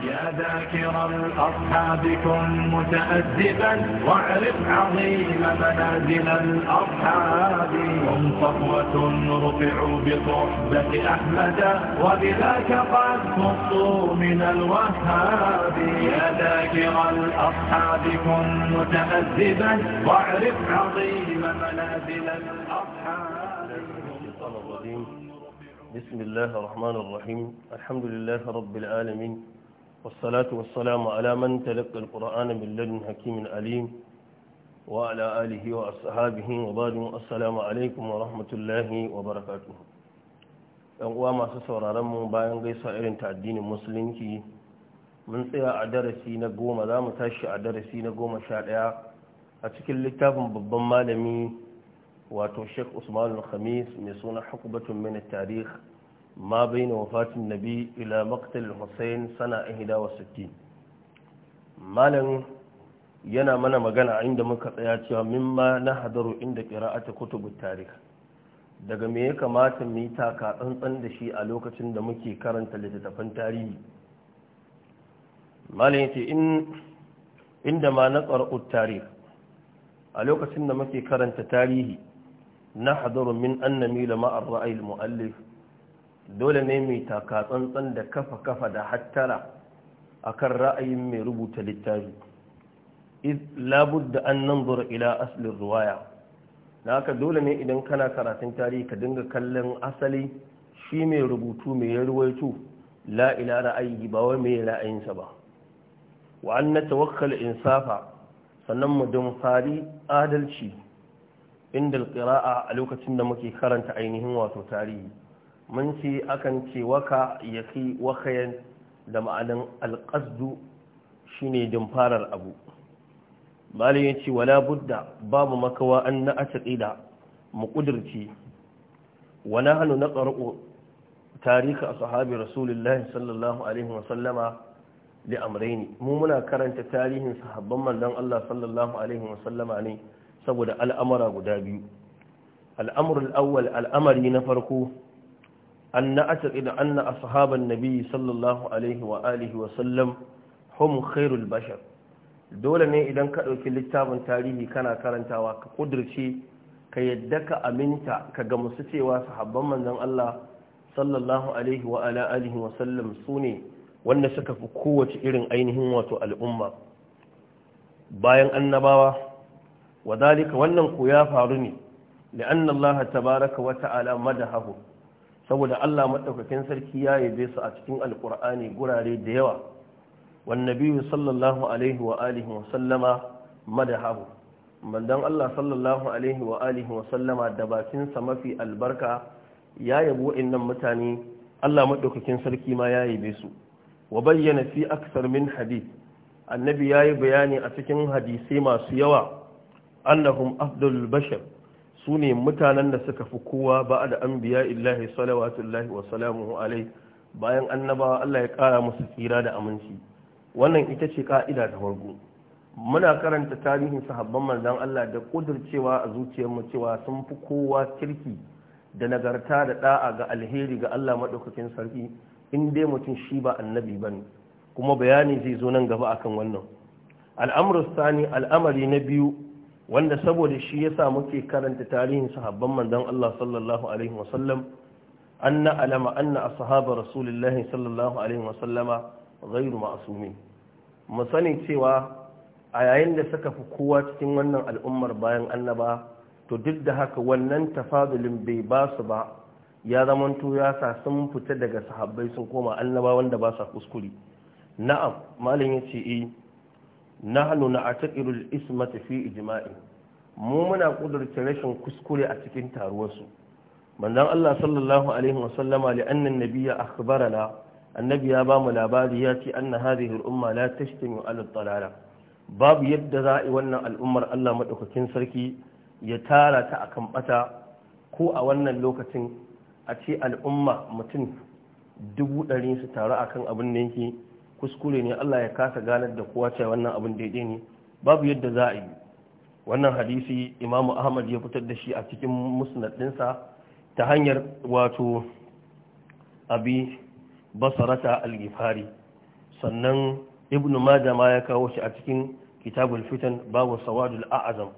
يا ذاكر الأصحاب كن متأدبا واعرف عظيم منازل الأصحاب هم صفوة رفعوا بصحبة أحمد وبذاك قد خصوا من الوهاب يا ذاكر الأصحاب كن متأدبا واعرف عظيم منازل الأصحاب بسم الله الرحمن الرحيم الحمد لله رب العالمين والصلاة والسلام على من تلقى القرآن من لدن حكيم عليم وعلى آله وأصحابه وبعد السلام عليكم ورحمة الله وبركاته ‘yan uwa masu sauraron mu bayan gaisa irin ta addinin musulunci mun tsaya a darasi na goma za mu tashi a darasi na goma sha ɗaya a cikin littafin babban malami wato sheikh usman al-khamis mai suna hukubatun mana tarikh ma bai na wafatin nabi ila maktal hussein sana hida wa sittin malam yana mana magana inda muka tsaya cewa mimma na hadaru inda qira'atu kutubut tarikh daga me ya kamata mu yi taka tsantsan da shi a lokacin da muke karanta littattafan tarihi malam yace inda ma na qara'ut tarikh a lokacin da muke karanta tarihi na hadarun min annami da ma'ar ra'ayil mu'allif dole ne mai taka tsantsan da kafa kafa da hattara akan ra'ayin mai rubuta littafi iz labudda an nan ila asalin ruwaya na haka dole ne idan kana karatun tarihi ka dinga kallon asali shi mai rubutu mai ya la ila ra'ayi ba wai mai ra'ayinsa ba wa an insafa sannan mu don fari adalci inda alƙira'a a lokacin da muke karanta ainihin wato tarihi mun ce akan ce waka ya fi wakayen da ma'anin alƙasdu shi ne dimfarar abu bali ya ce wala budda babu makawa an na a taƙida mu ƙudurci wana hannu na ƙarƙo tarihi a sahabi rasulullahi sallallahu alaihi wasallama da amraini mu muna karanta tarihin sahabban manzon Allah sallallahu alaihi wasallama ne saboda al'amara guda biyu al'amurul awwal al'amari na farko an na da an na ashaban nabi sallallahu alaihi wa alihi wa sallam hum khairul bashar dole ne idan ka ɗauki littafin tarihi kana karantawa ka ƙudurce ka yadda ka aminta ka ga musu cewa sahabban manzan Allah sallallahu alaihi wa alihi wa sallam su ne wanda suka fi kowace irin ainihin wato al'umma bayan annabawa وذلك wannan ku ya faru ne لأن الله تبارك وتعالى مدحه saboda Allah maɗaukakin sarki ya yabe su a cikin alkur'ani gurare da yawa wan nabiyyu sallallahu alaihi wa alihi wa sallama madahahu mandan Allah sallallahu alaihi wa alihi wa sallama da bakinsa mafi albarka ya yabo innan mutane Allah maɗaukakin sarki ma ya yabe su wa bayyana fi aksar min hadith annabi ya yi bayani a cikin hadisi masu yawa annahum afdalul bashar sune mutanen da suka fi kowa ba da an biya illahi salawatullahi wa salamuhu alai bayan annabawa Allah ya kara musu tsira da aminci wannan ita ce ka'ida ta farko muna karanta tarihin sahabban manzon Allah da cewa a zuciyarmu cewa sun fi kowa kirki da nagarta da da'a ga alheri ga Allah madaukakin sarki in dai mutum shi ba annabi ba ne, kuma bayani zai zo nan gaba akan wannan al'amru sani al'amari na biyu wanda saboda shi ya sa muke karanta tarihin sahabban manzon Allah sallallahu alaihi wasallam anna alama anna ashabu rasulillahi sallallahu alaihi wasallama ghairu ma'sumin mu sani cewa a yayin da suka fi kowa cikin wannan al'ummar bayan annaba to duk da haka wannan tafadulin bai ba su ba ya to ya sa sun fita daga sahabbai sun koma annaba wanda ba sa kuskure na'am ya ce eh nahnu na'taqiru al-ismata fi ijma'i mu muna kudurta rashin kuskure a cikin taruwar su manzon Allah sallallahu alaihi wa sallama li anna an-nabiyya akhbarana annabi ya ba mu labari ya ce anna hadhihi al-umma la tashtami ala al-dalala babu yadda za'i wannan al'ummar Allah madaukakin sarki ya tara ta akan bata ko a wannan lokacin a ce al'umma mutum dubu ɗari su taru akan abin da yake kuskure ne Allah ya kasa ganar da kowa cewa wannan abin daidai ne babu yadda za a yi wannan hadisi imamu ahmad ya fitar da shi a cikin musnad ta hanyar wato abi basarata al-gifari sannan ibnu maja ya kawo shi a cikin kitabul fitan babu sawadul a'azam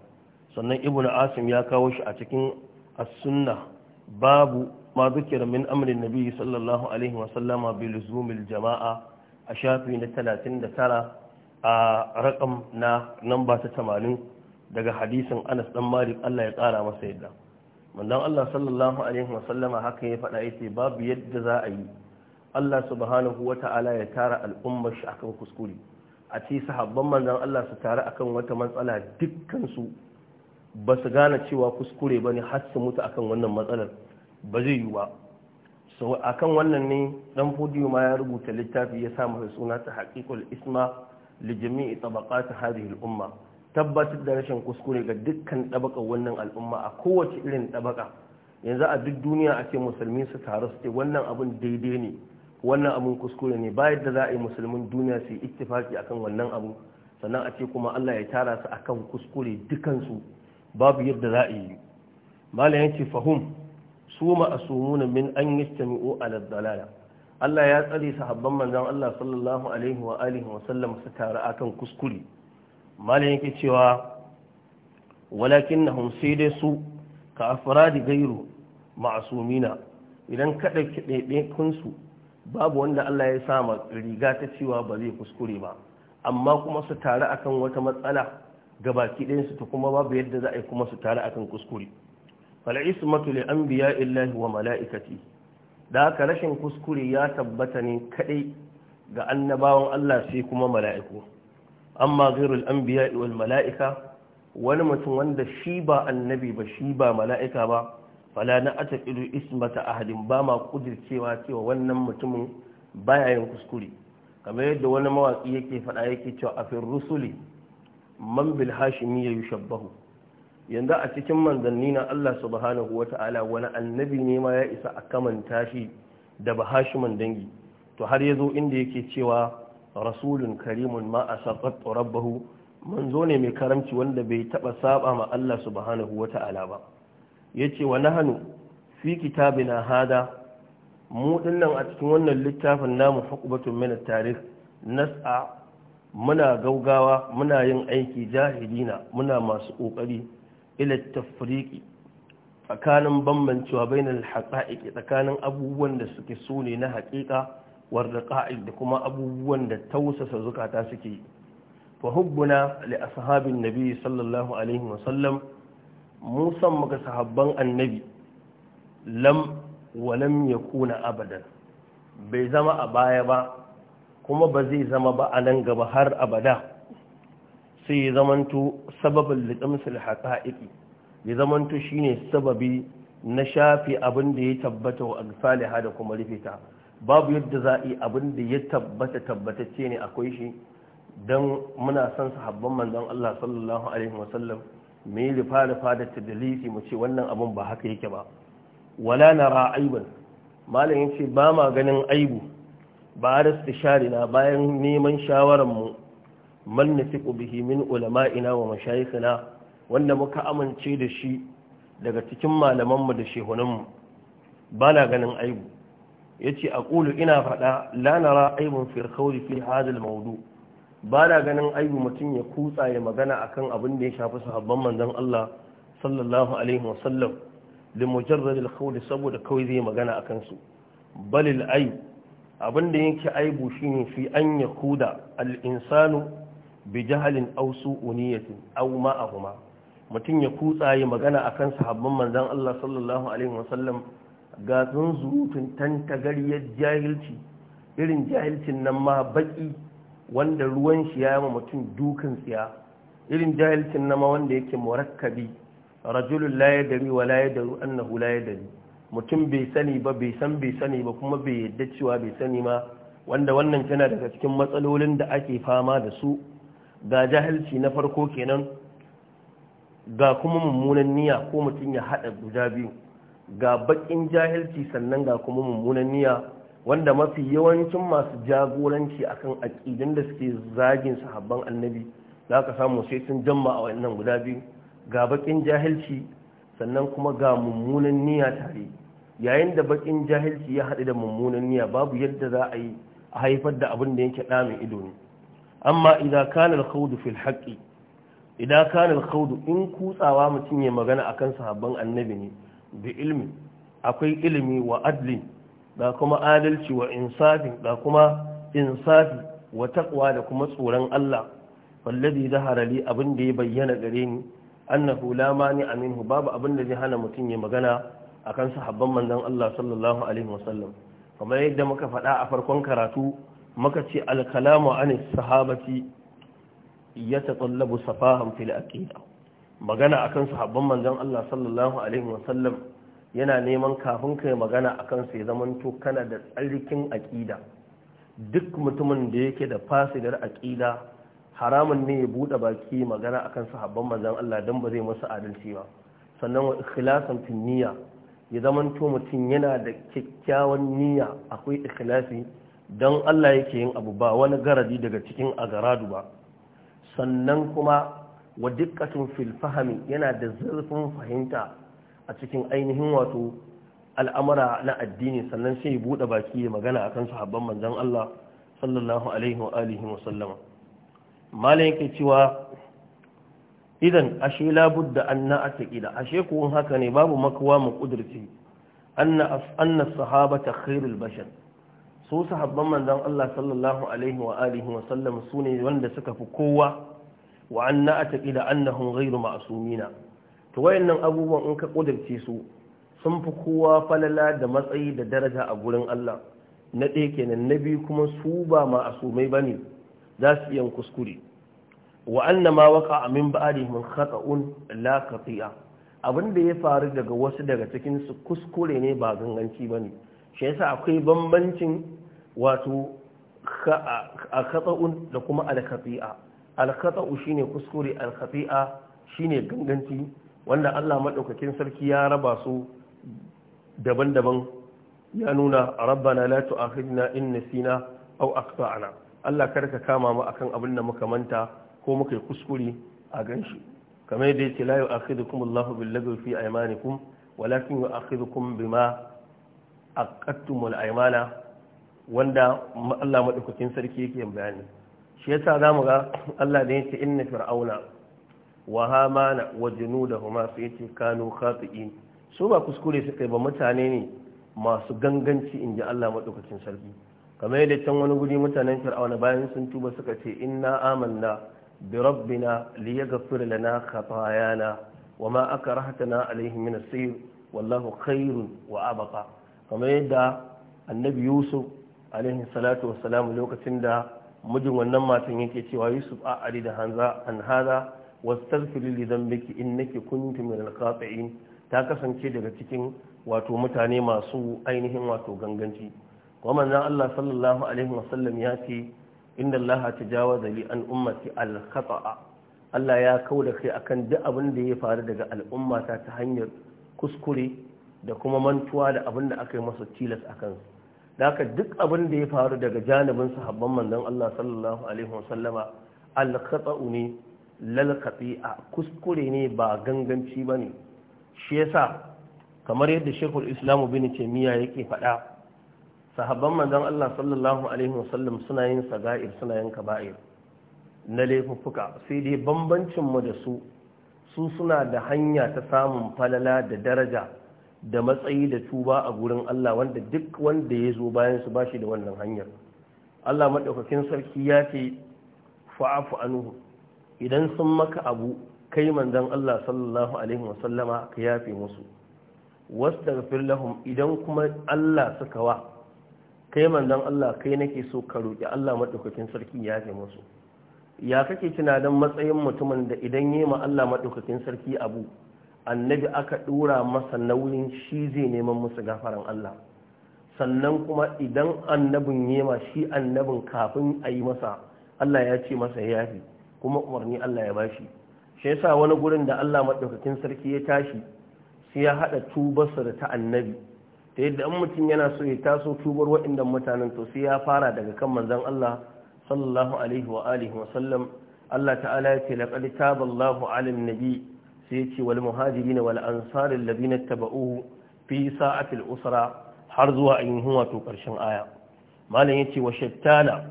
sannan ibnu asim ya kawo shi a cikin as-sunna babu ma zikira min amrin nabi sallallahu alaihi wa sallama bi luzumil jama'a a shafi na tara a rakam na namba ta 80 daga hadisin Anas dan Malik Allah ya kara masa yadda mandan Allah sallallahu alaihi wa sallama haka ya faɗa yace babu yadda za a yi Allah subhanahu ta'ala ya tara al'ummar shi akan kuskure a ce sahabban manzon Allah su tare akan wata matsala dukkan su ba su gane cewa kuskure bane har su mutu akan wannan matsalar ba zai yi ba so akan wannan ne dan fudiyo ma ya rubuta littafi ya sa masa suna ta haƙiƙul isma lijimi jami'i tabaqat hadhihi umma tabbatar da rashin kuskure ga dukkan tabakar wannan al'umma a kowace irin tabaka yanzu a duk duniya a ce musulmi su taru su ce wannan abun daidai ne wannan abun kuskure ne bayan da za a yi musulmin duniya su yi ittifaki akan wannan abu sannan a ce kuma Allah ya tara su akan kuskure dukansu babu yadda za a yi malam yace fahum su ma'asumuna min an yastami'u ala dalala Allah ya tsare sahabban manzon Allah sallallahu alaihi wa alihi wa sallam su taru akan kuskure malam yake cewa walakinnahum sai dai su ka afradi gairu ma'asumina idan kada kun su babu wanda Allah ya sama riga ta cewa ba zai kuskure ba amma kuma su tare akan wata matsala ga baki ɗayansu ta kuma babu yadda za a yi kuma su tare akan kuskure ne an li illahi wa mala'ikati da haka rashin kuskure ya tabbata ne kadai ga annabawan Allah sai kuma mala'iku amma an biya wal mala'ika wani mutum wanda shi ba annabi ba shi ba mala'ika ba fala na ataqidu ismata ahadin ba ma kudircewa cewa wannan mutumin baya yin kuskure kamar yadda wani mawaki yake faɗa yake cewa a fin rusuli man bil hashimi ya shabbahu. yanzu a cikin manzanni na Allah subhanahu ta'ala wani annabi ne ma ya isa a kamanta shi da bahashiman dangi to har ya zo inda yake cewa rasulun karimun ma a saƙat rabbahu manzo ne mai karamci wanda bai taɓa saba ma Allah subhanahu ta'ala ba ya ce wa nahnu fi kitabina hada mu dinnan a cikin wannan littafin namu hukubatun min tarikh nas'a muna gaugawa muna yin aiki jahilina muna masu kokari ila tafriqi tsakanin bambancewa bainal haqa'iqi tsakanin abubuwan da suke so ne na haƙiƙa war raqa'id da kuma abubuwan da tausasa zukata suke fa hubbuna li ashabin nabi sallallahu alaihi wa sallam mu san sahabban annabi lam wa lam yakuna abadan bai zama a baya ba kuma ba zai zama ba a nan gaba har abada sai ya zamanto sababin litsamsul haƙa'iƙi ya zamanto shine sababi na shafi abin da ya tabbata wa saliha da kuma rifita babu yadda za a yi abin da ya tabbata tabbatacce ne akwai shi don muna son sahabban manzon Allah sallallahu alaihi wasallam mu yi rufa rufa da tadalisi mu ce wannan abin ba haka yake ba wala na aiban malam yace ba ma ganin aibu ba da share na bayan neman shawaran mu man nasiqu bihi min ulama'ina wa mashayikhina wanda muka amince da shi daga cikin malamanmu da shehunanmu ba na ganin aibu yace ƙulu ina faɗa, lanara nara aibun fil qawli fi ba na ganin aibu mutum ya kutsa ya magana akan abin da ya shafi sahabban manzan Allah sallallahu alaihi wasallam limujarrad al qawli saboda kawai zai magana a kansu. balil aibu abin da yake aibu shine fi an yakuda al insanu bi jahalin aw su'uniyatin aw ahuma mutum ya kutsa yi magana akan sahabban manzon Allah sallallahu alaihi wasallam ga zunzurutun tantagariyar jahilci irin jahilcin nan ma baki wanda ruwan shi ya yi mutum dukan tsiya irin jahilcin nan ma wanda yake murakkabi rajulun la yadri wa la yadru annahu la yadri mutum bai sani ba bai san bai sani ba kuma bai yadda cewa bai sani ma wanda wannan tana daga cikin matsalolin da ake fama da su ga jahilci na farko kenan ga kuma mummunan niyya ko mutum ya haɗa guda biyu ga baƙin jahilci sannan ga kuma mummunan niyya wanda mafi yawancin masu jagoranci a kan aƙidin da suke zagin sahabban annabi za ka samu sai sun jamma a wannan guda biyu ga baƙin jahilci sannan kuma ga mummunan niyya tare yayin da baƙin jahilci ya haɗu da mummunan niyya babu yadda za a yi a haifar da abin da yake ɗa mai ido ne amma idan kana al fil haqqi idan kana al in kutsawa mutun ya magana akan sahabban annabi ne da ilmi akwai ilimi wa adli da kuma adalci wa insafi da kuma insafi wa taqwa da kuma tsoron Allah wallazi zahara li abin da ya bayyana gare ni annahu la mani aminhu babu abin da zai hana mutum ya magana akan sahabban manzon Allah sallallahu alaihi wasallam kamar yadda muka faɗa a farkon karatu muka ce alkalamu anis sahabati ya taƙallabu safahan fil aqida magana akan sahabban manzon Allah sallallahu alaihi wasallam yana neman kafin kai magana akan sai zamanto kana da tsarkin aqida duk mutumin da yake da fasidar aqida haramun ne ya bude baki magana akan sahabban manzon Allah dan ba zai masa adalci ba sannan wa ikhlasan niyya ya zamanto mutum yana da kyakkyawan niyya akwai ikhlasi don Allah yake yin abu ba wani garadi daga cikin agaradu ba sannan kuma wa dukkanin fil yana da zurfin fahimta a cikin ainihin wato al'amura na addini sannan sai ya buɗe baki ya magana akan sahabban manzon Allah sallallahu alaihi wa alihi wa sallama malai yake cewa idan ashe labudda an na atakida ashe kuwan haka ne babu makawa mu kudurci anna anna sahabata khairul bashar su sahabban manzon Allah sallallahu alaihi wa alihi wa sallam sune wanda suka fi kowa wa anna ataqida annahum ghayru ma'sumina to wayannan abubuwan in ka kudirce su sun fi kowa falala da matsayi da daraja a gurin Allah na ɗaya kenan na biyu kuma su ba ma'asumai bane za su iya kuskure wa anna ma waqa min ba'dihim khata'un la qati'a da ya faru daga wasu daga cikin su kuskure ne ba ganganci bane shi yasa akwai bambancin wato alkhata'un da kuma alkhati'a shi ne kuskure shi shine ganganci wanda Allah maɗaukakin sarki ya raba su daban-daban ya nuna latu a tu'akhidna in nasina aw akhtana Allah karka kama mu akan abin da muka manta ko muka yi kuskure a ganshi kamar yadda yake la yu'akhidukum Allahu bil lagwi fi aymanikum walakin yu'akhidukum bima aqattumul aymana wanda Allah madaukakin sarki yake bayani shi yasa zamu ga Allah da yake inna fir'auna wa hamana wa ma fi yace kanu khati'in su ba kuskure suka yi ba mutane ne masu ganganci inji Allah madaukakin sarki kamar yadda can wani guri mutanen fir'auna bayan sun tuba suka ce inna amanna bi rabbina yaghfir lana khatayana ma akrahtana alayhi min as-sayr wallahu khairun wa abqa kamar yadda annabi yusuf alaihi salatu wasalamu lokacin da mijin wannan matan yake cewa yusuf a ari da hanza an haza wastaghfiri li in nake kuntu min al ta kasance daga cikin wato mutane masu ainihin wato ganganci kuma manzon Allah sallallahu alaihi wasallam ya ce inna Allah tajawaza li an ummati al Allah ya kauda kai akan duk abin da ya faru daga al'ummata ta hanyar kuskure da kuma mantuwa da abin da aka yi masa tilas akan su daka duk abin da ya faru daga janibin sahabban manzon Allah sallallahu alaihi wasallama al-khata'u ne lal kuskure ne ba ganganci bane shi yasa kamar yadda Sheikhul Islam Ibn Taymiyyah yake faɗa sahabban manzon Allah sallallahu alaihi wasallam suna yin saga'ir suna yin kaba'ir na laifuffuka sai dai bambancin mu da su su suna da hanya ta samun falala da daraja da matsayi da tuba a gurin Allah wanda duk wanda ya zo bayan su bashi da wannan hanyar Allah madaukakin sarki ya ce fa'afu anhu idan sun maka abu kai manzon Allah sallallahu alaihi wasallama ka yafe musu wastaghfir lahum idan kuma Allah suka wa kai manzon Allah kai nake so ka roki Allah madaukakin sarki ya yafe musu ya kake tunanin matsayin mutumin da idan yi ma Allah maɗaukakin sarki abu annabi aka ɗura masa nauyin shi zai neman musu gafaran Allah sannan kuma idan annabin yema shi annabin kafin a yi masa Allah ya ce masa ya yafi kuma umarni Allah ya bashi shi yasa wani gurin da Allah maɗaukakin sarki ya tashi sai ya haɗa tubarsa da ta annabi ta yadda an mutum yana so ya taso tubar waɗannan mutanen to sai ya fara daga kan manzon Allah sallallahu alaihi wa alihi wa sallam Allah ta'ala ya ce laqad taballahu 'alan nabi sai ce wal muhajirin wal ansar alladhina tabauhu fi sa'atil usra har zuwa ainihin wato ƙarshen aya malam yace wa shattana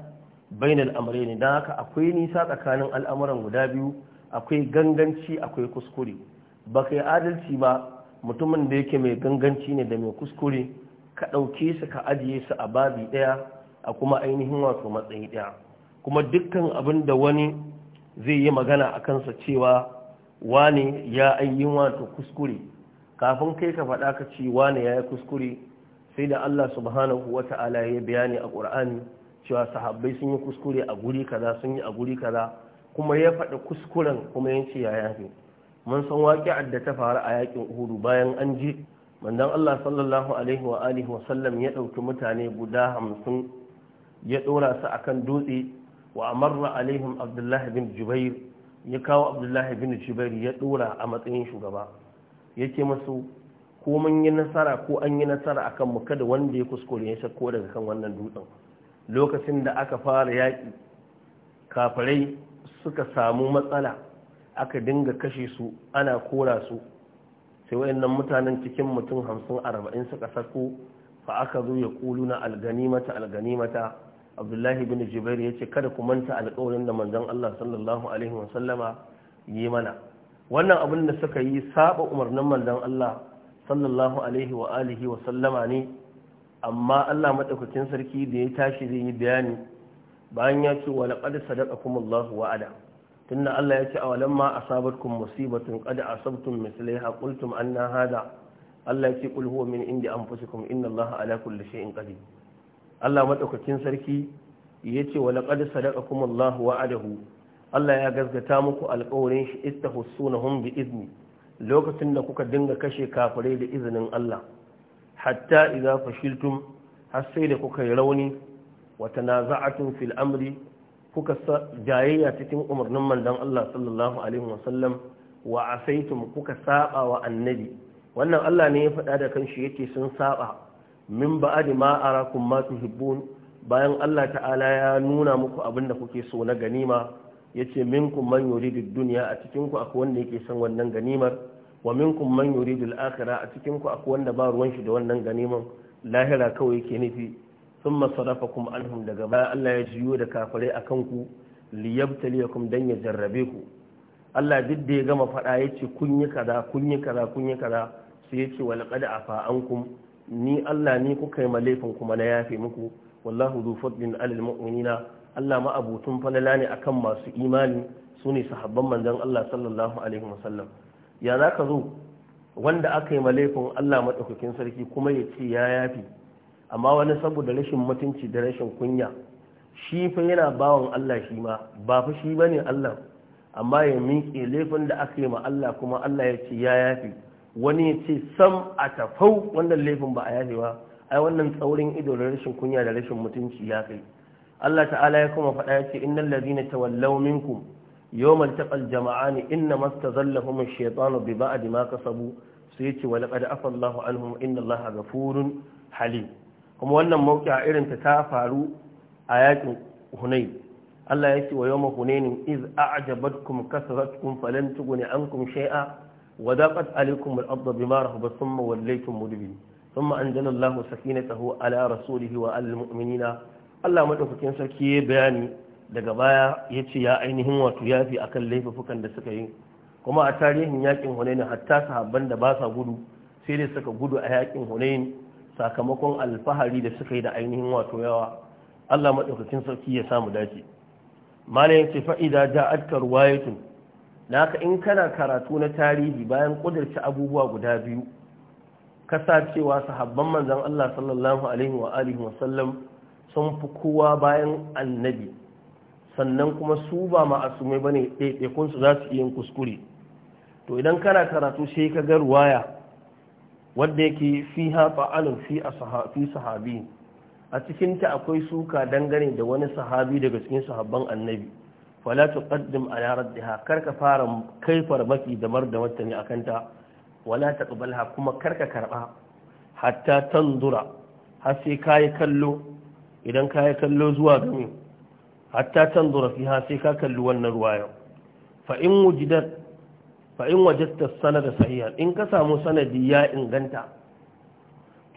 bainal amrayn dan haka akwai nisa tsakanin al'amuran guda biyu akwai ganganci akwai kuskure ba kai adalci ba mutumin da yake mai ganganci ne da mai kuskure ka ɗauke su ka ajiye su a babi ɗaya a kuma ainihin wato matsayi ɗaya kuma dukkan abin da wani zai yi magana a kansa cewa wane ya ayyin wato kuskure kafin kai ka faɗa ka ci wane ya yi kuskure sai da Allah subhanahu wa ta'ala ya bayani a ƙur'ani cewa sahabbai sun yi kuskure a guri kaza sun yi a guri kaza kuma ya faɗa kuskuren kuma ya ce ya yafe mun san waƙi'ar da ta faru a yakin uhudu bayan an je mandan Allah sallallahu alaihi wa alihi wa sallam ya ɗauki mutane guda hamsin ya ɗora su akan dutse wa amarra alaihim abdullahi bin jubair ya kawo abdullahi bin shibari ya dora a matsayin shugaba ya ce masu ko mun yi nasara ko an yi nasara a kanmu kada wanda ya kuskure ya shakko daga kan wannan dutsen lokacin da aka fara yaƙi kafirai suka samu matsala aka dinga kashe su ana kora su sai wayannan mutanen cikin mutum hamsin arba'in suka sako fa aka zo ya kulu na alganimata alganimata abdullahi bin jubair ya ce kada ku manta alƙawarin da manzon Allah sallallahu alaihi wasallama yi mana wannan abin da suka yi saba umarnin manzon Allah sallallahu alaihi wa alihi wa sallama ne amma Allah madaukakin sarki da ya tashi zai yi bayani bayan ya ce wa laqad sadaqakumullahu wa'ada tunda Allah ya ce a walamma asabatkum musibatun qad asabtum mislaiha qultum anna hada Allah ya ce qul huwa min indi anfusikum inna Allah ala kulli shay'in qadir Allah maɗaukacin sarki yace wa sadaka kuma Allahu wa'adahu Allah ya gaskata muku alƙawarin shi istahussunahum bi izni lokacin da kuka dinga kashe kafirai da izinin Allah hatta idza fashiltum har sai da kuka yi rauni wa tanaza'atum fil amri kuka jayayya cikin umarnin mandan Allah sallallahu alaihi wasallam wa asaitum kuka saba wa annabi wannan Allah ne ya faɗa da kanshi yake sun saba min ba a ma rakun masu hibbun bayan Allah ta'ala ya nuna muku abin da kuke so na ganima ya yace minkum man yuridu duniya a cikinku ku akwai yake son wannan ganimar wa minkum man yuridu akhirah a cikinku ku akwai ba ruwan shi da wannan ganiman lahira kawai yake nufi masarafa kuma alhum daga baya Allah ya jiyo da kafirai akan ku liyabtaliyakum dan ya jarrabe ku Allah duk da ya gama faɗa ya ce kun yi kaza kun yi kaza kun yi kaza sai ce wa laqad afa ankum ni Allah ni kuka yi malefin kuma na yafe muku wallahu zu fadlin alal mu'minina Allah ma abutun falala ne akan masu imani Su ne sahabban manzon Allah sallallahu alaihi wasallam ya ka zo wanda aka yi malefin Allah madaukakin sarki kuma ya ce ya yafe amma wani saboda rashin mutunci da rashin kunya shi fa yana bawan Allah shi ma ba fa shi bane Allah amma ya miƙe laifin da aka yi ma Allah kuma Allah ya ce ya yafe wani ya ce sam a tafau wannan laifin ba a yafewa ai wannan tsaurin ido da rashin kunya da rashin mutunci ya kai Allah ta'ala ya kuma faɗa ya ce innal ladina tawallaw minkum yawmal taqal jama'ani inna mastazallahum ash-shaytanu bi ba'd ma kasabu sai yace wa laqad afa Allahu anhum inna Allaha ghafurun halim kuma wannan mawqi'a irin ta ta faru a yakin Hunayn Allah ya ce wa yawma Hunayn iz a'jabatkum kasratkum falan tughni ankum shay'a وذاقت عليكم الأرض بما رهبت ثم وليتم مدبرين ثم أنزل الله سكينته على رسوله وعلى المؤمنين Allah madaukakin sarki ya bayani daga baya ya ce ya ainihin wato yafi akan laifukan da suka yi kuma a tarihin yakin Hunayn hatta sahabban da ba sa gudu sai da suka gudu a yakin Hunayn sakamakon alfahari da suka yi da ainihin wato yawa Allah madaukakin sarki ya samu dace malai yace fa'ida idza ja'atka naka in kana karatu na tarihi bayan kudurci abubuwa guda biyu kasa cewa sahabban manzan Allah sallallahu alaihi wa alihi wa sun fi kowa bayan annabi sannan kuma su ba ma'asumai bane ɗaiɗaikun su za su iya kuskure to idan kana karatu sai ka ga ruwaya wanda yake haɓa ta'alun fi a sahabi a cikinta akwai suka dangane da wani sahabi daga cikin sahabban annabi wala tuqaddim ala raddiha karka fara kaifar farmaki damar da matani akan ta wala taqbalha kuma karka karba hatta tanzura har sai kai kallo idan kai kallo zuwa gami hatta tanzura sai ka kalli wannan ruwa yau in wujidat fa in sanada sahihan in ka samu sanadi ya inganta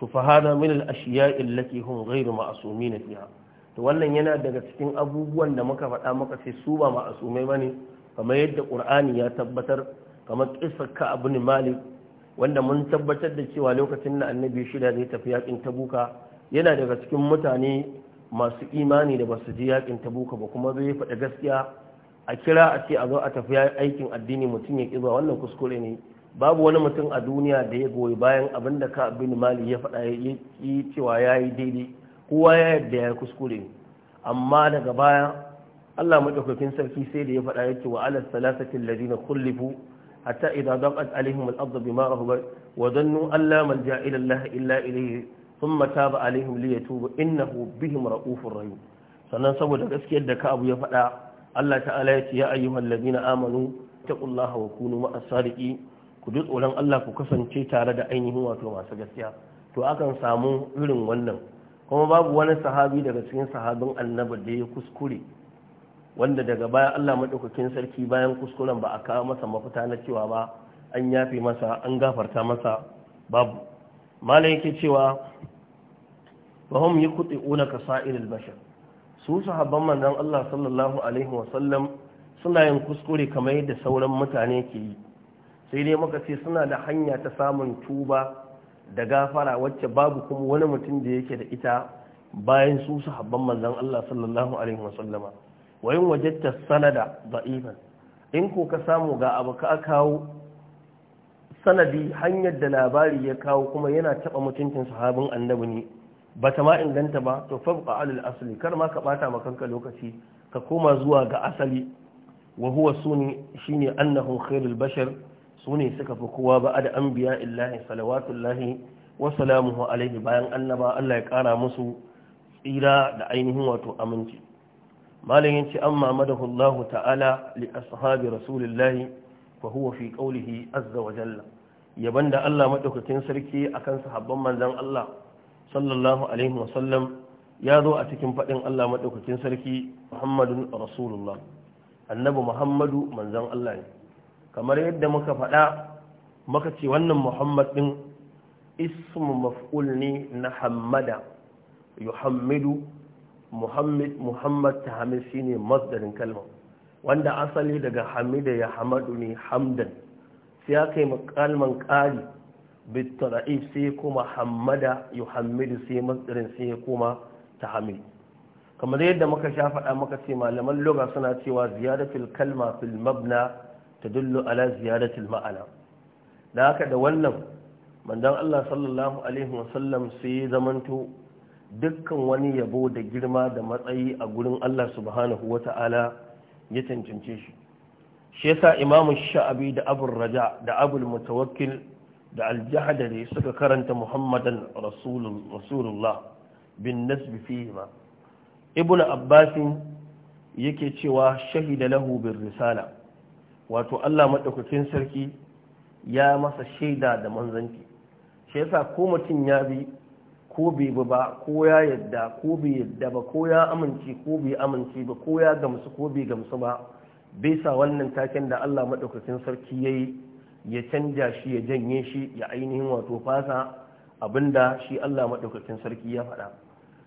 to fa hada min al ashiya'i allati hum ghayru ma'sumin fiha to wannan yana daga cikin abubuwan da muka faɗa maka sai su ba ma'asumai bane kamar yadda qur'ani ya tabbatar kamar qissar ka abu malik wanda mun tabbatar da cewa lokacin da annabi shida zai tafi yakin tabuka yana daga cikin mutane masu imani da basu ji yakin tabuka ba kuma zai faɗa gaskiya a kira a ce a zo a tafi aikin addini mutum ya ƙi wannan kuskure ne babu wani mutum a duniya da ya goyi bayan abinda da ka abin mali ya faɗa ya yi cewa ya yi daidai kowa ya yadda ya kuskure amma daga baya Allah madaukakin sarki sai da ya faɗa yake wa ala salasatin ladina kullifu hatta idza daqat alaihim al-ard bima rahabat wa dhannu an la malja ila Allah illa ilayhi thumma taba alaihim liyatubu innahu bihim ra'ufur rahim sannan saboda gaskiyar da ka abu ya faɗa Allah ta'ala ya ce ya ayyuhal ladina amanu taqullaha wa kunu ma'as sadiqin ku ji tsoron Allah ku kasance tare da ainihin wato masu gaskiya to akan samu irin wannan kuma babu wani sahabi daga cikin sahabin annabi da ya kuskure wanda daga baya Allah madaukakin sarki bayan kuskuren ba a kawo masa mafita na cewa ba an yafe masa an gafarta masa babu malai yake cewa fahim yi kuɗi una ka bashar su sahabban manzon Allah sallallahu alaihi sallam suna yin kuskure kamar yadda sauran mutane ke yi sai dai muka ce suna da hanya ta samun tuba da gafara wacce babu kuma wani mutum da yake da ita bayan su sahabban manzon Allah sallallahu alaihi wasallama wayin ta sanada da'ifan in ko ka samu ga abu ka kawo sanadi hanyar da labari ya kawo kuma yana taba mutuncin sahabin annabi ne bata ma inganta ba to fabqa alal asali kar ma ka bata makanka lokaci ka koma zuwa ga asali wa huwa suni shine annahu khairul bashar su ne suka fi kowa ba da an biya illahi salawatullahi wasalamuhu alaihi bayan annaba Allah ya kara musu tsira da ainihin wato aminci malam yace amma madahullahu ta'ala li ashabi rasulillahi fa huwa fi qawlihi azza wa jalla yaban da Allah madaukakin sarki akan sahabban manzon Allah sallallahu alaihi wa sallam ya zo a cikin fadin Allah madaukakin sarki Muhammadun rasulullah annabi Muhammadu manzon Allah ne kamar yadda muka faɗa maka ce wannan muhammad ɗin ismu maf'ul ne na hammada yuhammidu muhammad muhammad shi shine masdarin kalma wanda asali daga hamida ya hamadu ne hamdan sai ya kai kalman ƙari bitara'if sai kuma hamada yuhammidu sai masdarin sai kuma ta tahmid kamar yadda muka sha faɗa muka ce malaman loga suna cewa ziyadatul kalma fil mabna dullo ala ziyaratul ma'ana da haka da wannan mandan Allah sallallahu alaihi wasallam sai zamanto dukkan wani yabo da girma da matsayi a gurin Allah subhanahu Ta'ala, ya cancance shi shi yasa imamu sha'abi da abul raja da abul mutawakkil da aljahadari suka karanta muhammadan rasulullah bin nasbi fihima ibnu abbasin yake cewa shahida lahu bir risala wato Allah maɗaukakin sarki ya masa shaida da manzanci shi yasa ko mutum ya bi ko bai bi ba ko ya yadda ko bai yadda ba ko ya amince ko bai amince ba ko ya gamsu ko bai gamsu ba bai sa wannan taken da Allah maɗaukakin sarki ya yi ya canja shi ya janye shi ya ainihin wato fasa abinda shi Allah maɗaukakin sarki ya faɗa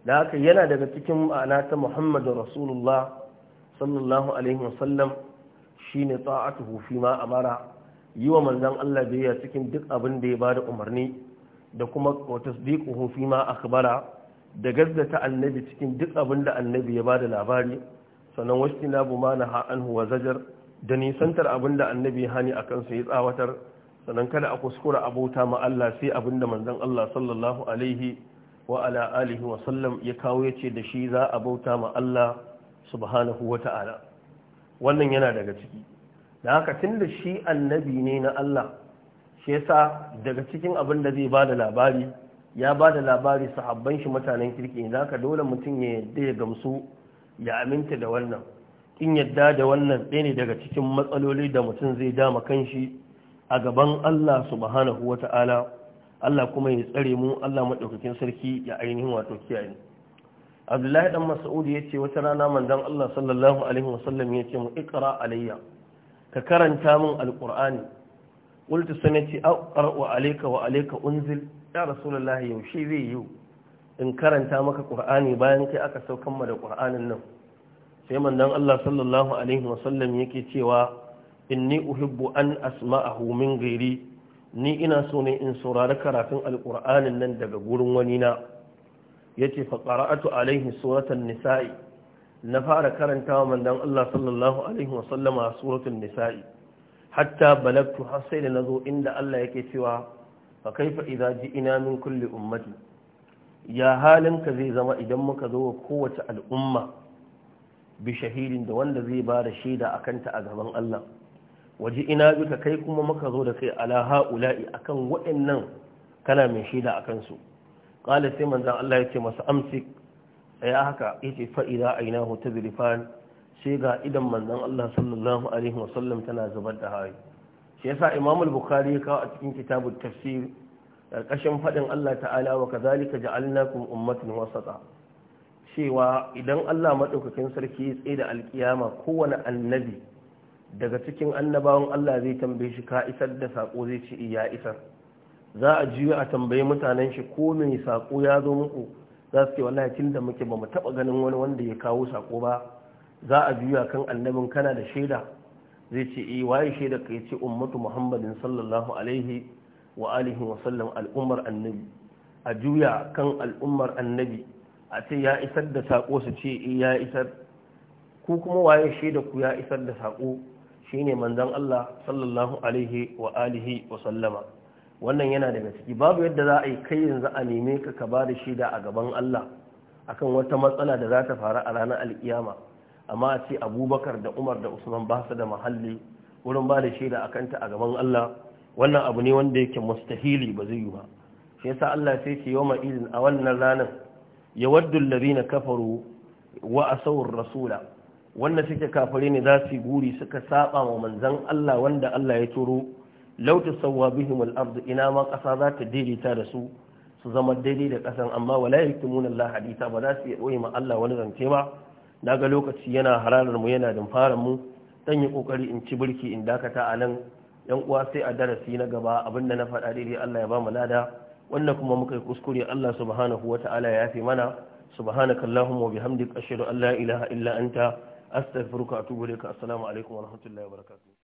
da haka yana daga cikin ma'ana ta Muhammadu Rasulullah sallallahu alaihi wasallam shine ta'atuhu fi ma amara yi wa manzon Allah biyayya cikin duk abin da ya bada umarni da kuma tasdiquhu fi ma akhbara da gazzata annabi cikin duk abin da annabi ya bada labari sannan washtina bu ma ha anhu wa zajar da nisantar abin da annabi hani akan sa ya tsawatar sannan kada a kuskura abota ma Allah sai abin da manzon Allah sallallahu alaihi wa ala alihi wa sallam ya kawo yace da shi za a bauta ma Allah subhanahu wa ta'ala wannan yana daga ciki da haka tun da shi annabi ne na Allah shi yasa daga cikin abin da zai bada labari ya bada labari sahabban shi mutanen kirki ne dole mutum ya yadda ya gamsu ya aminta da wannan in yadda da wannan ɗaya ne daga cikin matsaloli da mutum zai dama kanshi a gaban Allah subhanahu wata'ala Allah kuma ya tsare mu Allah maɗaukakin sarki ya ainihin wato kiyaye abdullahi dan mas'ud yace wata rana manzon Allah sallallahu alaihi wasallam yace mu ikra alayya ka karanta min alqur'ani qultu sanati aqra'u alayka wa alayka unzil ya rasulullahi yaushe zai yi in karanta maka qur'ani bayan kai aka saukan mu da qur'anin nan sai manzon Allah sallallahu alaihi wasallam yake cewa inni uhibbu an asma'ahu min ghairi ni ina so ne in saurari karatun alqur'anin nan daga gurin wani na yace ce qara'atu alaihi suratun nisa'i na fara karantawa mandan Allah sallallahu alaihi wa sallama nisa'i hatta balagtu har sai da nazo inda Allah yake cewa fa kaifa idza ji'ina min kulli ummati ya halin ka zai zama idan muka zo wa kowace al'umma bi shahidin da wanda zai ba da shaida akan ta a gaban Allah waje ina bika kai kuma muka zo da kai ala ha'ula'i akan waɗannan kana mai shaida akan su ƙala sai manzan Allah ya ce masa amsik ya haka ya ce fa'ida a ina hoto zirifan sai ga idan manzan Allah sallallahu Alaihi wasallam tana zubar da hawaye shi yasa imamul bukari kawo a cikin kitabun tafsir ƙarƙashin faɗin Allah ta'ala wa kazalika ja'alnakum ummatin wasata cewa idan Allah maɗaukakin sarki ya tsaye da alkiyama kowane annabi daga cikin annabawan Allah zai tambaye shi ka isar da saƙo zai ce eh, ya isar za a juya a tambayi mutanen shi ko mai sako ya zo muku za su ke wallahi tun da muke ba mu taba ganin wani wanda ya kawo sako ba za a juya kan annabin kana da shaida zai ce eh waye shaida ka yace ummatu muhammadin sallallahu alaihi wa alihi wa sallam al'ummar annabi a juya kan al'ummar annabi a ce ya isar da sako su ce eh ya isar ku kuma waye shaida ku ya isar da sako shine manzon Allah sallallahu alaihi wa alihi wa sallama wannan yana daga ciki babu yadda za a yi kai yanzu a neme ka ka ba da shida a gaban Allah akan wata matsala da za ta faru a ranar alkiyama amma a ce abubakar da umar da usman ba su da mahalli wurin ba da shaida a kanta a gaban Allah wannan abu ne wanda yake mustahili ba zai yi ba shi yasa Allah sai ce yawma idin a wannan ranar ya waddu allazina kafaru wa asawur rasula wanda suke kafare ne za su guri suka saba wa manzon Allah wanda Allah ya turo lauta sauwa bihim al ina ma ƙasa za ta daidaita da su su zama daidai da ƙasan amma wala yaktumuna Allah hadita ba za su yi ɗoye ma Allah wani zance ba naga lokaci yana hararar mu yana dumfarar mu dan yi kokari in ci birki in dakata a nan yan uwa sai a darasi na gaba abinda na faɗa daidai Allah ya ba mu lada wannan kuma muka yi kuskure Allah subhanahu wata'ala ya fi mana subhanaka allahumma wa bihamdika ashhadu an la ilaha illa anta astaghfiruka wa atubu ilaik assalamu alaikum wa rahmatullahi wa